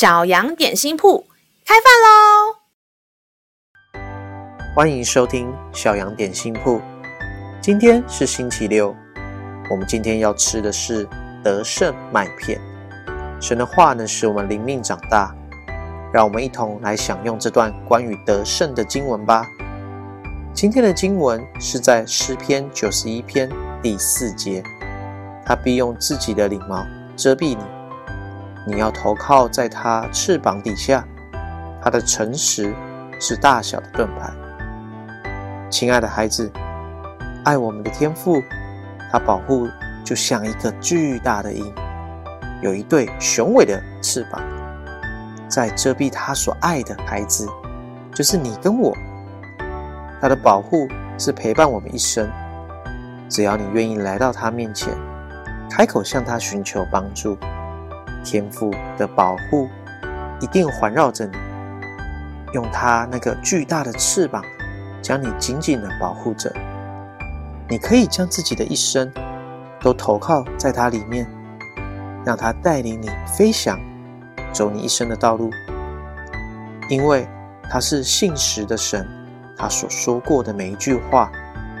小羊點心鋪開飯嘍！歡迎收聽小羊點心鋪今天是星期六，我們今天要吃的是得勝麥片。神的話能使我們靈命長大，讓我們一同來享用這段關於得勝的經文吧。今天的經文是在詩篇九十一篇第四節，他必用自己的翎毛遮蔽你。你要投靠在他翅膀底下，他的誠實是大小的盾牌。親愛的孩子，愛我們的天父，他保護就像一個巨大的鷹，有一對雄偉的翅膀，在遮蔽他所愛的孩子，就是你跟我。他的保護是陪伴我們一生，只要你願意來到他面前，開口向他尋求幫助。天父的保護一定環繞着你，用他那個巨大的翅膀將你緊緊地保護着。你可以將自己的一生都投靠在他裡面，讓他帶領你飛翔，走你一生的道路。因為他是信實的神，他所說過的每一句話，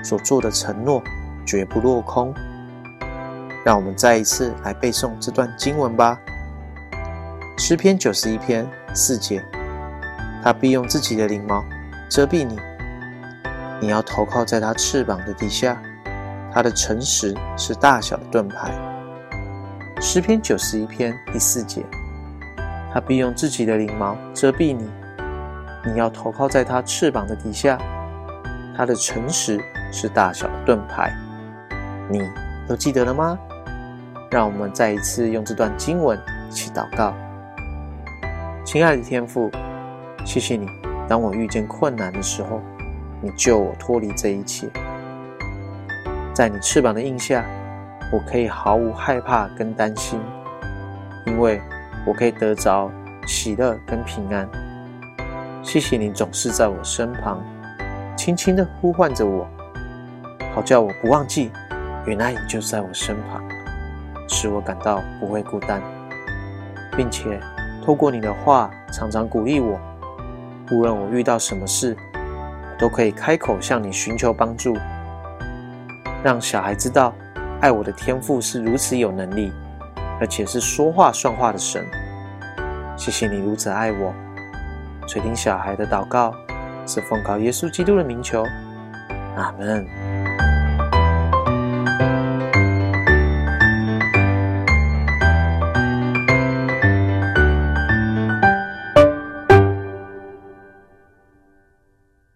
所做的承諾，絕不落空。讓我們再一次來背誦這段經文吧。詩篇九十一篇四節，他必用自己的翎毛遮蔽你，你要投靠在他翅膀的底下，他的誠實是大小的盾牌。詩篇九十一篇第四節，他必用自己的翎毛遮蔽你，你要投靠在他翅膀的底下，他的誠實是大小的盾牌。你都記得了嗎？讓我們再一次用這段經文一起禱告。親愛的天父，謝謝你，當我遇見困難的時候，你救我脫離這一切。在你翅膀的蔭下，我可以毫無害怕跟擔心，因為我可以得着喜樂跟平安。謝謝你總是在我身旁，輕輕的呼喚着我，好叫我不忘記，原來你就在我身旁。使我感到不會孤單，並且透過你的話常常鼓勵我。無論我遇到什麼事，都可以開口向你尋求幫助。讓小孩知道，愛我的天父是如此有能力，而且是說話算話的神。謝謝你如此愛我，垂聽小孩的禱告，是奉靠耶穌基督的名求，阿門。